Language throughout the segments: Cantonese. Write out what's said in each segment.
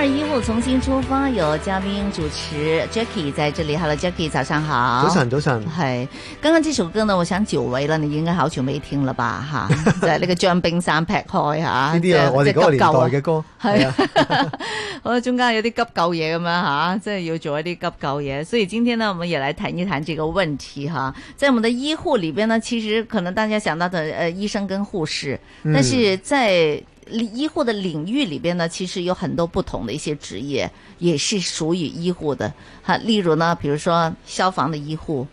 二一護重新出發，有嘉賓主持 Jackie 在這裏。Hello，Jackie，早上好。早晨，早晨。係，剛剛這首歌呢，我想久違了，你應該好久沒聽了吧？哈，就係呢個將冰山劈開哈。呢啲啊，對對我哋嗰個年代嘅歌。係啊，我哋是 中間有啲急救嘢咁樣哈，即、啊、係、就是、要做一啲急救嘢，所以今天呢，我們也來談一談這個問題哈、啊。在我們的醫護裏邊呢，其實可能大家想到的呃醫生跟護士，但是在、嗯醫護的領域裏邊呢，其實有很多不同的一些職業，也是屬於醫護的哈、啊。例如呢，比如說消防的醫護，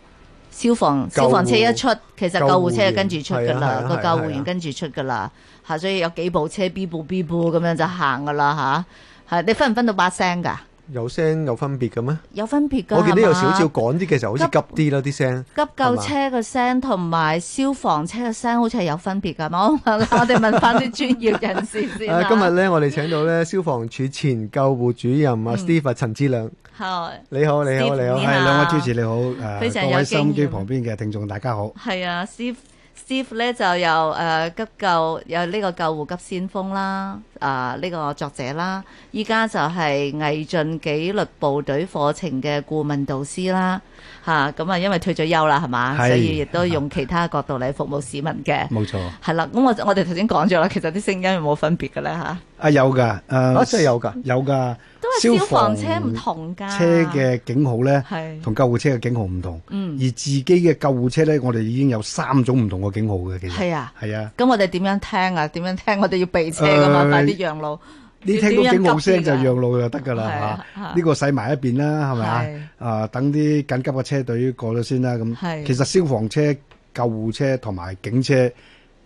消防屋消防車一出，其實救護車就跟住出噶啦，個救護員跟住出噶啦哈。所以有幾部車，B 部 B 部咁樣就行噶啦哈。係、啊、你分唔分到把聲噶？有聲有分別嘅咩？有分別噶，我見呢有少少似趕啲嘅時候，好似急啲咯啲聲。急救車嘅聲同埋消防車嘅聲，好似係有分別嘅。我我哋問翻啲專業人士先。今日咧，我哋請到咧消防處前救護主任啊，Steve 陳志亮。你好，你好，你好，係兩位主持，你好，誒，各位收音機旁邊嘅聽眾大家好。係啊，Steve，Steve 咧就有誒急救有呢個救護急先鋒啦。啊！呢、這個作者啦，依家就係毅進紀律部隊課程嘅顧問導師啦，吓、啊、咁啊，因為退咗休啦，係嘛，是所以亦都用其他角度嚟服務市民嘅。冇錯錯。係啦，咁我我哋頭先講咗啦，其實啲聲音有冇分別嘅咧？吓啊，有噶，啊，啊真係有噶，有噶。都係消防車唔同架車嘅警號咧，係同的救護車嘅警號唔同。嗯、而自己嘅救護車咧，我哋已經有三種唔同嘅警號嘅，其實係啊，係啊的。咁的我哋點樣聽啊？點樣聽？我哋要避車噶嘛？呃啲讓路，你聽到警號聲就讓路就得噶啦嚇，呢個洗埋一邊啦，係咪啊？啊，等啲緊急嘅車隊過咗先啦。咁其實消防車、救護車同埋警車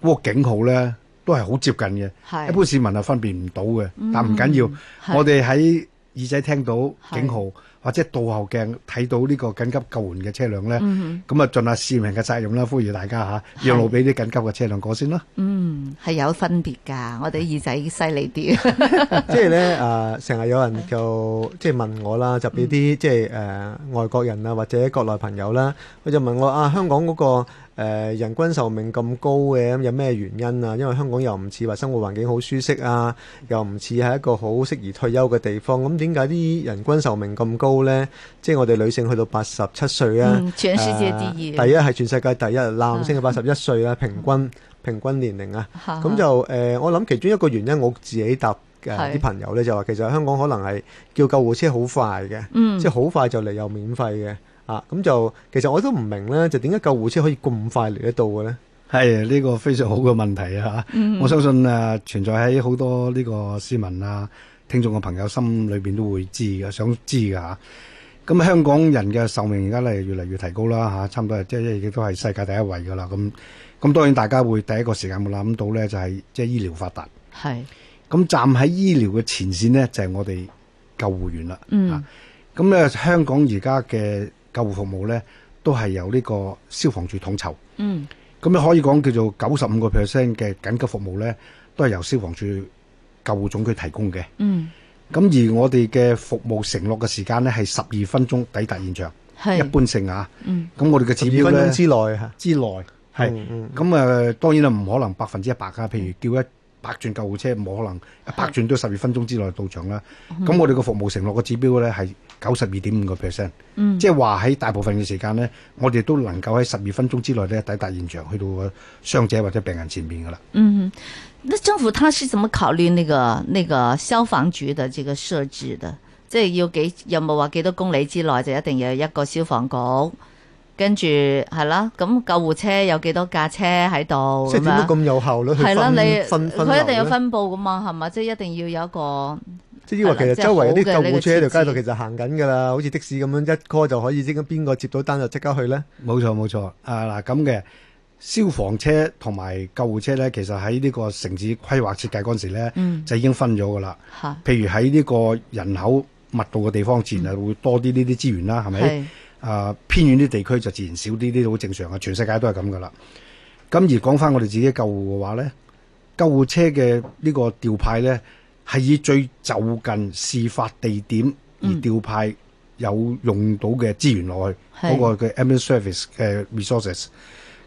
嗰個警號咧，都係好接近嘅，一般市民係分辨唔到嘅，但唔緊要，我哋喺，耳仔聽到警號是或者倒後鏡睇到呢個緊急救援嘅車輛呢，咁啊、嗯、哼盡下市民嘅責任啦，呼籲大家嚇讓路俾啲緊急嘅車輛過先啦。嗯，係有分別㗎，我哋耳仔犀利啲。即係呢，誒、呃，成日有人就即係、就是、問我啦，就俾啲即係誒外國人啊或者國內朋友啦，佢就問我啊，香港嗰、那個。誒、呃，人均壽命咁高嘅，咁有咩原因啊？因為香港又唔似話生活環境好舒適啊，又唔似係一個好適宜退休嘅地方。咁點解啲人均壽命咁高呢？即係我哋女性去到八十七歲啊、嗯，全世界第一。呃、第一係全世界第一，男性嘅八十一歲啊 平，平均平均年齡啊。咁 就誒、呃，我諗其中一個原因，我自己答嘅啲朋友呢，就話其實香港可能係叫救護車好快嘅，嗯、即係好快就嚟，又免費嘅。咁、啊、就其實我都唔明咧，就點解救護車可以咁快嚟得到嘅咧？係呢、呢個非常好嘅問題啊！嗯嗯我相信啊、呃，存在喺好多呢個市民啊、聽眾嘅朋友心裏邊都會知嘅，想知嘅吓。咁、啊、香港人嘅壽命而家咧越嚟越提高啦，吓、啊，差唔多即係亦都係世界第一位噶啦。咁、啊、咁，嗯、當然大家會第一個時間冇諗到咧，就係、是、即係醫療發達係。咁是、啊、站喺醫療嘅前綫呢，就係、是、我哋救護員啦。啊、嗯、啊，咁、啊、咧、啊，香港而家嘅。救護服務咧都係由呢個消防處統籌，嗯，咁你可以講叫做九十五個 percent 嘅緊急服務咧都係由消防處救護總區提供嘅，嗯，咁而我哋嘅服務承諾嘅時間咧係十二分鐘抵達現場，是一般性啊，咁、嗯、我哋嘅指標咧之內嚇之內，係，咁誒、嗯嗯呃、當然啦，唔可能百分之一百噶，譬如叫一。百轉救護車冇可能，一百轉都十二分鐘之內到場啦。咁是我哋個服務承諾個指標咧係九十二點五個 percent，即係話喺大部分嘅時間咧，我哋都能夠喺十二分鐘之內咧抵達現場，去到個傷者或者病人前面噶啦。嗯、mm，hmm. 那政府他是怎麼考慮呢、那個呢、那個消防局的這個設置的？即係要幾有冇話幾多公里之內就一定要有一個消防局？跟住係啦，咁救護車有幾多架車喺度？即係點解咁有效率，係啦，你佢一定要分佈噶嘛，係嘛？即係一定要有一個。即係話其實周圍有啲救護車喺條街度，其實行緊噶啦，好似的士咁樣一 call 就可以，即係邊個接到單就即刻去呢？冇錯，冇錯。啊嗱，咁嘅消防車同埋救護車咧，其實喺呢個城市規劃設計嗰陣時咧，嗯、就已經分咗噶啦。的譬如喺呢個人口密度嘅地方自然，就會多啲呢啲資源啦，係咪？啊，偏遠啲地區就自然少啲啲，都好正常啊！全世界都係咁噶啦。咁而講翻我哋自己嘅救護嘅話咧，救護車嘅呢個調派咧，係以最就近事發地點而調派有用到嘅資源落去。嗯、嗰個嘅 emergency service 嘅 resources。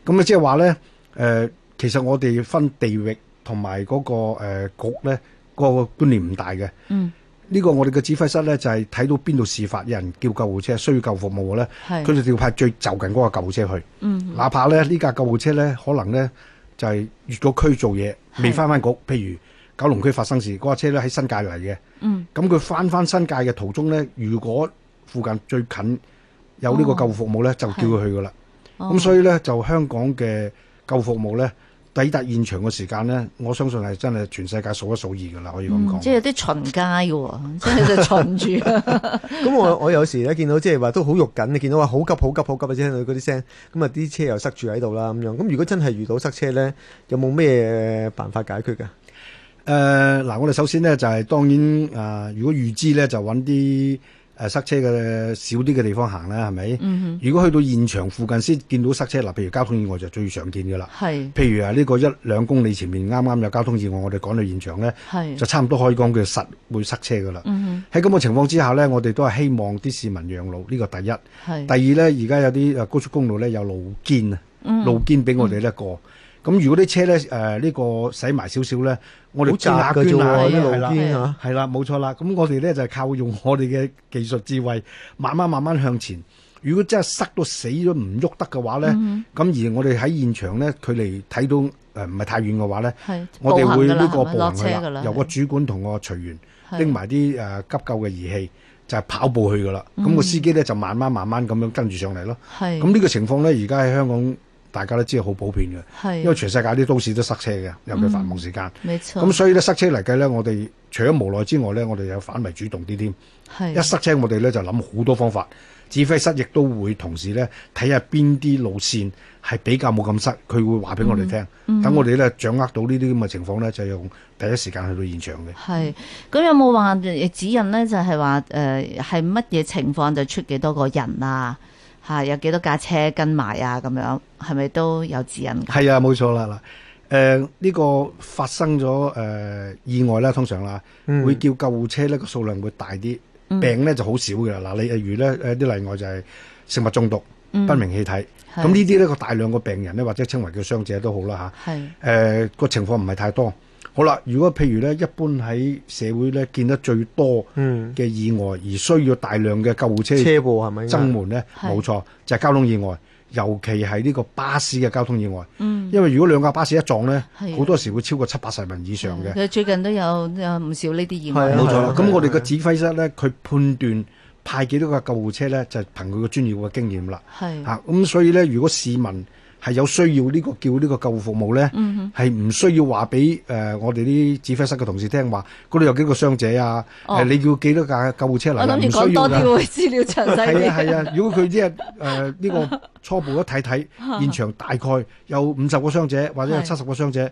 咁啊是，即係話咧，誒、呃、其實我哋分地域同埋嗰個、呃、局咧，嗰、嗰個觀念唔大嘅。嗯。呢個我哋嘅指揮室咧，就係、是、睇到邊度事發，有人叫救護車需要救護服務嘅咧，佢哋就派最就近嗰個救護車去。嗯哼，哪怕咧呢架救護車咧，可能咧就係、是、越咗區做嘢，未翻返局。是譬如九龍區發生事，嗰架車咧喺新界嚟嘅。嗯，咁佢翻返新界嘅途中咧，如果附近最近有呢個救護服務咧，哦、就叫佢去㗎喇。咁所以咧，就香港嘅救護服務咧。抵達現場嘅時間呢，我相信係真係全世界數一數二㗎啦，可以咁講、嗯。即係有啲巡街喎、哦，即係 巡住。咁 我我有時咧見到，即係話都好肉緊，見到話好急、好急、好急嘅聽到嗰啲聲，咁啊啲車又塞住喺度啦咁樣。咁如果真係遇到塞車咧，有冇咩嘢辦法解決㗎？誒嗱、呃呃，我哋首先呢，就係、是、當然、呃、如果預知咧就揾啲誒塞車嘅少啲嘅地方行啦，係咪？嗯、哼如果去到現場附近先見到塞車嗱，譬如交通意外就最常見嘅啦。係是，譬如啊，呢個一兩公里前面啱啱有交通意外，我哋趕到現場咧是，就差唔多可以講佢實會塞車㗎啦。喺咁嘅情況之下咧，我哋都係希望啲市民讓路，呢、這個第一。是第二咧，而家有啲誒高速公路咧有路肩啊，路肩俾我哋一、嗯、過。咁如果啲車咧，誒呢個使埋少少咧，我哋好集佢做愛啲路邊嚇，係啦，冇錯啦。咁我哋咧就係靠用我哋嘅技術智慧，慢慢慢慢向前。如果真係塞到死咗唔喐得嘅話咧，咁而我哋喺現場咧，距離睇到誒唔係太遠嘅話咧，我哋會呢個步行去啦。由個主管同個隨員拎埋啲誒急救嘅儀器，就係跑步去㗎啦。咁個司機咧就慢慢慢慢咁樣跟住上嚟咯。咁呢個情況咧，而家喺香港。大家都知道好普遍嘅，是因為全世界啲都市都塞車嘅，尤其繁忙時間。咁、嗯、所以咧塞車嚟計咧，我哋除咗無奈之外咧，我哋有反為主動啲添。是一塞車我哋咧就諗好多方法，指揮室亦都會同時咧睇下邊啲路線係比較冇咁塞，佢會話俾我哋聽，等、嗯嗯、我哋咧掌握到呢啲咁嘅情況咧，就用第一時間去到現場嘅。係，咁有冇話指引咧？就係話誒係乜嘢情況就出幾多個人啊？吓、啊，有幾多架車跟埋啊？咁樣係咪都有指引？係啊，冇錯啦嗱。誒、呃、呢、這個發生咗誒、呃、意外啦，通常啦，嗯、會叫救護車呢個數量會大啲，病咧就好少㗎嗱。你例如咧，誒啲例外就係食物中毒、嗯、不明氣體，咁、嗯、呢啲咧個大量個病人咧，或者稱為叫傷者都好啦吓。係誒個情況唔係太多。好啦，如果譬如咧，一般喺社會咧見得最多嘅意外，而需要大量嘅救護車車部係咪？增援咧冇錯啦，，就係交通意外，尤其係呢個巴士嘅交通意外。嗯，因為如果兩架巴士一撞咧，好多時會超過七八十人以上嘅。最近都有唔少呢啲意外。冇錯咁我哋個指揮室咧，佢判斷派幾多架救護車咧，就係憑佢個專業嘅經驗啦。係。嚇，咁所以咧，如果市民，係有需要呢個叫呢個救護服務咧，係唔、嗯、哼需要話俾誒我哋啲指揮室嘅同事聽話，嗰度有幾個傷者啊？誒、哦呃，你叫幾多架救護車嚟？我諗住講多啲會資料詳細啲。係 啊係啊，如果佢即係誒呢個初步一睇睇 現場，大概有五十個傷者，或者有七十個傷者。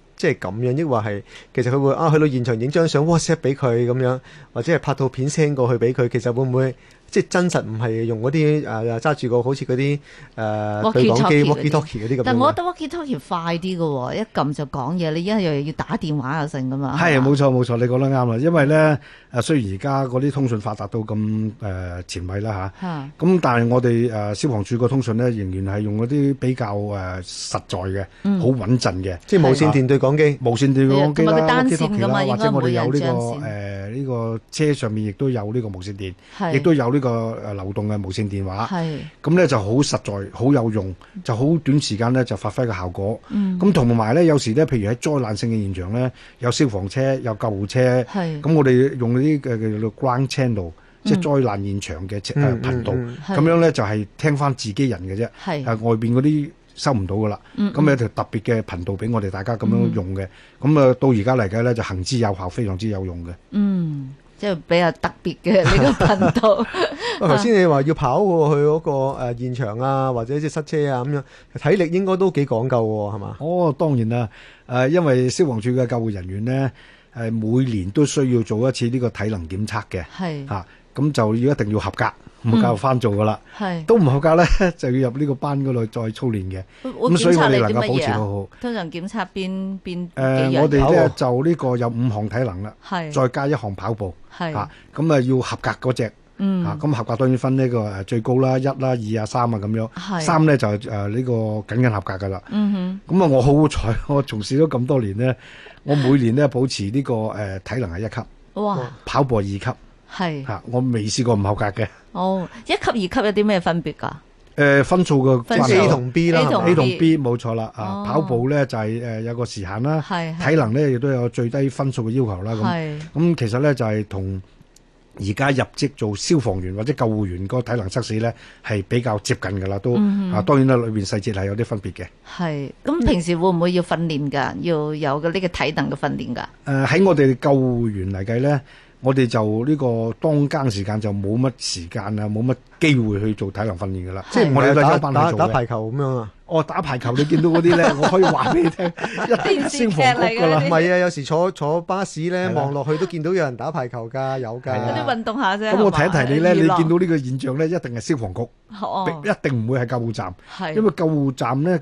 即係咁樣，抑或係其實佢會啊，去到現場影張相 WhatsApp 俾佢咁樣，或者係拍套片 send 過去俾佢，其實會唔會？即係真實唔係用嗰啲誒揸住個好似嗰啲誒對講機，walkie-talkie 嗰啲咁樣。但係我覺得 walkie-talkie 快啲嘅，一撳就講嘢，你而家又要打電話又成㗎嘛。係冇錯冇錯，你講得啱啦。因為咧誒，雖然而家嗰啲通訊發達到咁誒前衞啦吓。咁但係我哋誒消防處個通訊咧，仍然係用嗰啲比較誒實在嘅，好穩陣嘅，即係無線電對講機、無線電對講機啦，或者我哋有呢個誒呢個車上面亦都有呢個無線電，亦都有呢。個流動嘅無線電話，咁咧是就好實在，好有用，就好短時間咧就發揮個效果。咁、嗯、同埋咧，有時咧，譬如喺災難性嘅現場咧，有消防車、有救護車，咁是、嗯、我哋用啲嘅叫做 ground channel，即係災難現場嘅頻道，咁樣咧就係聽翻自己人嘅啫，係是外邊嗰啲收唔到噶啦。咁、嗯嗯、有條特別嘅頻道俾我哋大家咁樣用嘅，咁啊、嗯嗯、到而家嚟嘅咧，就行之有效，非常之有用嘅。嗯。即係比較特別嘅呢個頻道。頭先你話要跑過去嗰個誒現場啊，或者即係塞車啊咁樣，體力應該都幾講究喎，係嘛？哦，當然啦，誒，因為消防處嘅救護人員呢，係每年都需要做一次呢個體能檢測嘅，係嚇。咁就要一定要合格，唔好教翻做噶啦。係都唔合格咧，就要入呢個班嗰度再操練嘅。咁所以我哋能夠保持好好。通常檢測邊邊誒，我哋咧就呢個有五項體能啦，係再加一項跑步。係吓咁啊，要合格嗰隻。嗯吓咁合格當然分呢個誒最高啦，一啦、二啊、三啊咁樣。三咧就誒呢個僅僅合格噶啦。嗯哼。咁啊，我好好彩，我從事咗咁多年呢，我每年呢保持呢個誒體能係一級，哇，跑步二級。係吓，我未試過唔合格嘅。哦，一級二級有啲咩分別？噶？誒，分數嘅 A 同 B 啦，A 同 B 冇錯啦。啊，跑步咧就係誒有個時限啦，體能咧亦都有最低分數嘅要求啦。咁咁其實咧就係同而家入職做消防員或者救護員嗰個體能測試咧係比較接近噶啦，都啊當然啦，裏邊細節係有啲分別嘅。係咁平時會唔會要訓練噶？要有個呢個體能嘅訓練噶？誒，喺我哋救護員嚟計咧，我哋就呢個當更時間就冇乜時間啊，冇乜機會去做體能訓練噶啦。即係我哋有班打打排球咁樣啊。哦，打排球你見到嗰啲咧，我可以話俾你聽，一電視劇嚟㗎。唔係啊，有時坐坐巴士咧，望落去都見到有人打排球㗎，有㗎。啲運動下啫。咁我提一提你咧，你見到呢個現象咧，一定係消防局，一定唔會係救護站，因為救護站咧。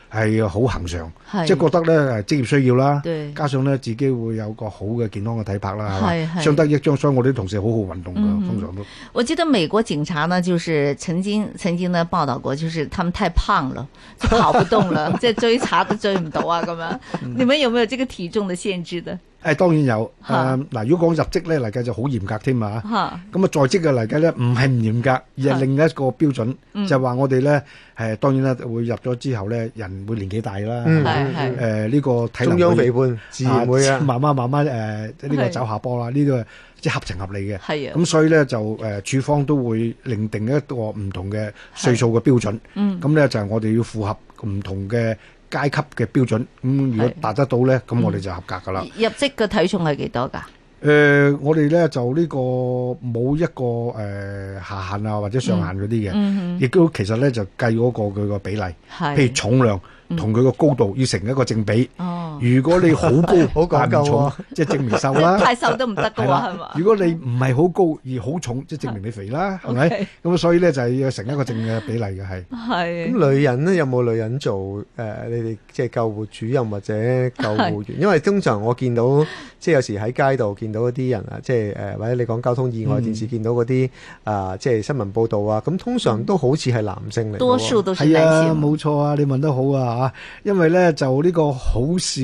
係啊，好恒常，是即係覺得咧職業需要啦，對加上咧自己會有個好嘅健康嘅體魄啦，係嘛？相得益彰，所以我啲同事好好運動嘅，嗯嗯通常都。我記得美國警察呢，就是曾經曾經呢報道過，就是他們太胖了，就跑唔動了，即係 追查都追唔到啊！咁樣，你們有沒有這個體重的限制的？誒，當然有誒，嗱，如果講入職咧嚟計就好嚴格添嘛，咁啊在職嘅嚟計咧唔係唔嚴格，而係另一個標準，就係話我哋咧，誒，當然啦，會入咗之後咧，人會年紀大啦，誒呢個體能會，自然會慢慢慢慢誒呢個走下坡啦，呢個即係合情合理嘅，咁所以咧就誒處方都會另定一個唔同嘅歲數嘅標準，咁咧就係我哋要符合唔同嘅。階級嘅標準，咁、嗯、如果達得到咧，咁是我哋就合格噶啦、嗯。入職嘅體重係幾多噶？誒、呃，我哋咧就呢個冇一個誒、呃、下限啊或者上限嗰啲嘅，亦都、嗯、哼其實咧就計嗰、嗰個佢個比例，是譬如重量。同佢個高度要成一個正比。哦，如果你好高好夠重，即係證明瘦啦。太瘦都唔得㗎嘛，係嘛？如果你唔係好高而好重，即係證明你肥啦，係咪？咁所以咧就係要成一個正嘅比例嘅係。咁女人咧有冇女人做？誒，你哋即係救護主任或者救護員？因為通常我見到即係有時喺街度見到一啲人啊，即係誒或者你講交通意外，電視見到嗰啲啊，即係新聞報導啊，咁通常都好似係男性嚟。多數都係男性。係啊，冇錯啊，你問得好啊。啊，因為咧就呢個好少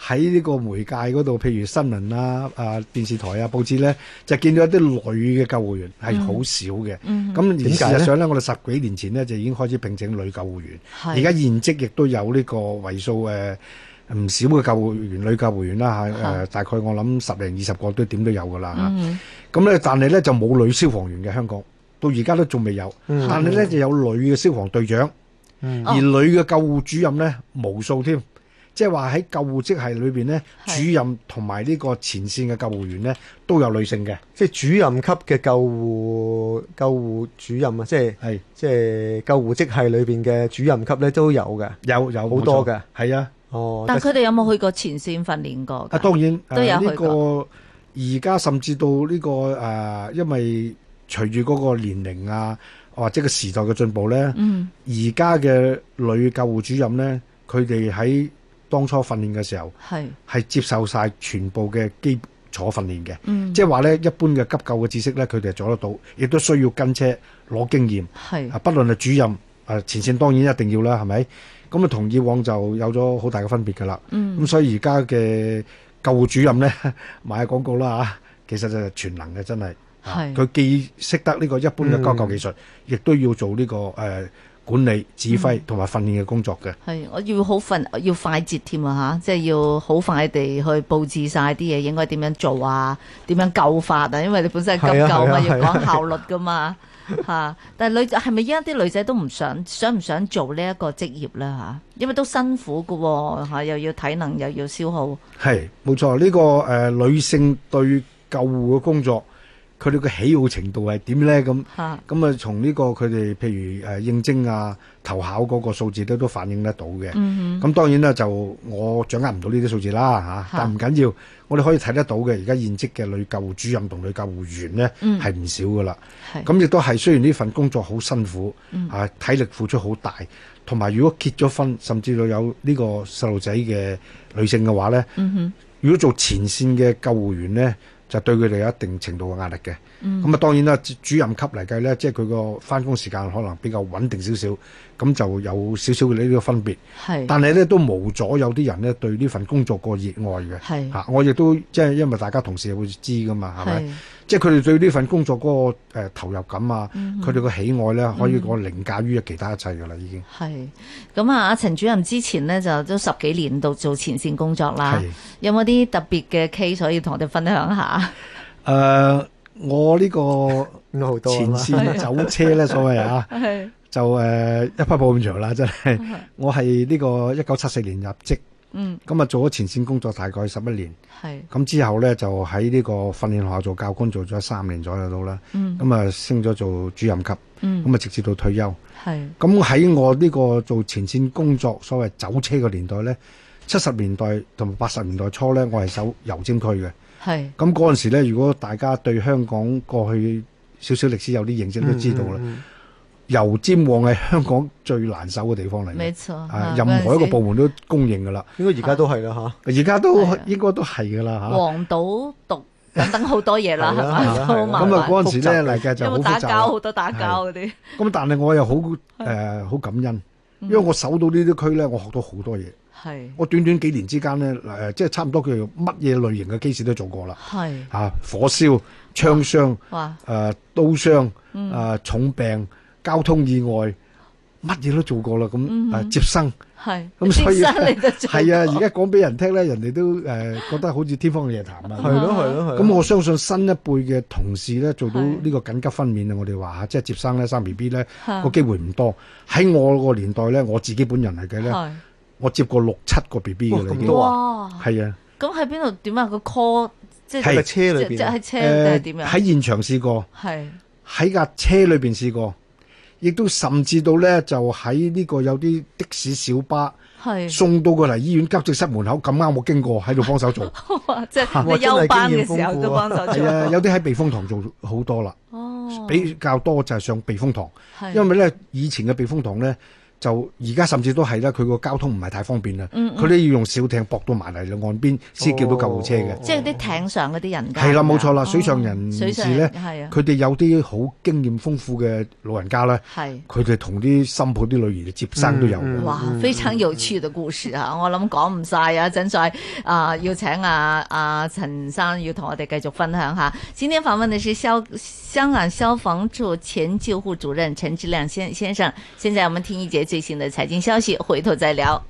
喺呢個媒介嗰度，譬如新聞啊、啊電視台啊、報紙咧，就見到一啲女嘅救護員係好少嘅。咁、嗯嗯、而事實上咧，我哋十幾年前呢，就已經開始聘請女救護員，而家是現，現職亦都有呢個為數呃、唔少嘅救護員、女救護員啦、啊啊是呃、大概我諗十零二十個都點都有㗎啦。咁咧、嗯啊，但係咧就冇女消防員嘅香港，到而家都仲未有。嗯、但係咧就有女嘅消防隊長。嗯、而女嘅救護主任咧，哦、無數添，即係話喺救護職系裏邊咧，是主任同埋呢個前線嘅救護員咧，都有女性嘅，即係主任級嘅救護救護主任啊，即係係是即係救護職系裏邊嘅主任級咧，都有嘅，有有好多嘅，係啊，哦，但係佢哋有冇去過前線訓練過的啊？當然都有去過，而家、呃這個、甚至到呢、這個誒、呃，因為隨住嗰個年齡啊。或者個時代嘅進步咧，而家嘅女救護主任咧，佢哋喺當初訓練嘅時候，係是接受晒全部嘅基礎訓練嘅，嗯、即係話咧一般嘅急救嘅知識咧，佢哋係做得到，亦都需要跟車攞經驗。係啊是，不論係主任啊，前線當然一定要啦，係咪？咁啊，同以往就有咗好大嘅分別噶啦。咁、嗯、所以而家嘅救護主任咧，買廣告啦嚇，其實就係全能嘅，真係。係佢是、啊、既識得呢個一般嘅急救技術，亦、嗯、都要做呢、這個誒、呃、管理、指揮同埋訓練嘅工作嘅。係我要好快要快捷添啊！吓，即係要好快地去布置晒啲嘢，應該點樣做啊？點樣救法啊？因為你本身係急救啊要講效率噶嘛，吓、啊。啊啊啊、但係女仔係咪依家啲女仔都唔想，想唔想做職呢一個職業咧？吓、啊，因為都辛苦噶、啊，吓、啊、又要體能又要消耗。係冇錯，呢、這個誒、呃、女性對救護嘅工作。佢哋嘅喜好程度係點咧？咁咁啊，從呢個佢哋譬如誒應徵啊、投考嗰個數字都都反映得到嘅。咁、嗯、哼當然啦，就我掌握唔到呢啲數字啦、啊、但唔緊要，是我哋可以睇得到嘅。而家現職嘅女救護主任同女救護員咧，係唔、嗯、少噶啦。咁亦都係雖然呢份工作好辛苦，嚇、嗯啊、體力付出好大，同埋如果結咗婚，甚至到有呢個細路仔嘅女性嘅話咧，嗯、哼如果做前線嘅救護員咧。就對佢哋有一定程度嘅壓力嘅，咁啊、嗯、當然啦，主任級嚟計咧，即係佢個返工時間可能比較穩定少少。咁就有少少嘅呢個分別，是但係咧都冇阻有啲人呢對呢份工作個熱愛嘅是、啊，我亦都即係因為大家同事會知㗎嘛，係咪是？即係佢哋對呢份工作嗰、那個、呃、投入感啊，佢哋個喜愛咧，嗯、哼可以講凌駕於其他一切㗎啦，已經。係，咁啊，阿陳主任之前呢，就都十幾年度做前線工作啦，是有冇啲特別嘅個案可以同我哋分享下？誒、呃，我呢個好多前線走車咧，所謂啊。 就誒、呃 mm hmm. 一匹布咁長啦，真係。Okay. 我係呢個一九七四年入職，咁啊、mm hmm. 做咗前線工作大概十一年，咁、mm hmm. 之後呢，就喺呢個訓練學校做教官做咗三年左右到啦。咁啊、mm hmm. 升咗做主任級，咁啊、mm hmm. 直接到退休。咁喺、mm hmm. 我呢個做前線工作，所謂走車嘅年代呢，七十年代同八十年代初呢，我係走油尖區嘅。咁嗰陣時呢，如果大家對香港過去少少歷史有啲認識，都知道啦。Mm hmm. 油尖旺係香港最難守嘅地方嚟，冇錯。啊，任何一個部門都公認嘅啦。應該而家都係啦，嚇。而家都應該都係嘅啦，嚇。黃賭毒等等好多嘢啦，咁啊嗰陣時咧嚟家就好複雜，有冇打交好多打交嗰啲？咁但係我又好誒好感恩，因為我守到呢啲區咧，我學到好多嘢。係。我短短幾年之間咧，嗱即係差唔多佢乜嘢類型嘅機士都做過啦。係。嚇！火燒、槍傷、誒刀傷、誒重病。交通意外，乜嘢都做過啦，咁啊接生係咁，所以係啊，而家講俾人聽咧，人哋都誒覺得好似天方夜譚啊。係咯，係咯。咁我相信新一輩嘅同事咧，做到呢個緊急分娩啊，我哋話即係接生咧，生 B B 咧，個機會唔多。喺我個年代咧，我自己本人嚟計咧，我接過六七個 B B 嘅，你見到啊，係啊。咁喺邊度點啊？個 call 即係車裏邊，喺車點樣？喺現場試過，係喺架車裏邊試過。亦都甚至到咧，就喺呢個有啲的士小巴送到過嚟醫院急症室門口，咁啱我經過喺度幫手做， 哇，即係休班嘅時候都幫手做。 啊， 啊，有啲喺避風塘做好多啦，比較多就係上避風塘，哦、因為咧以前嘅避風塘咧。就而家甚至都係啦，佢個交通唔係太方便啦，佢都、嗯嗯、要用小艇駁到埋嚟，岸邊先叫到救護車嘅。即係啲艇上嗰啲人。係、哦哦、啦，冇錯啦，水上人士咧，係啊，佢哋有啲好經驗豐富嘅老人家啦，佢哋同啲新抱啲女兒接生都有的。嗯嗯嗯嗯、哇，非常有趣嘅故事啊！我諗講唔曬啊，真係啊、呃，要請阿阿陳生要同我哋繼續分享下。今天訪問嘅是消香港消防處前救護主任陳志亮先先生，現在我們聽一節。最新的財經消息，回頭再聊。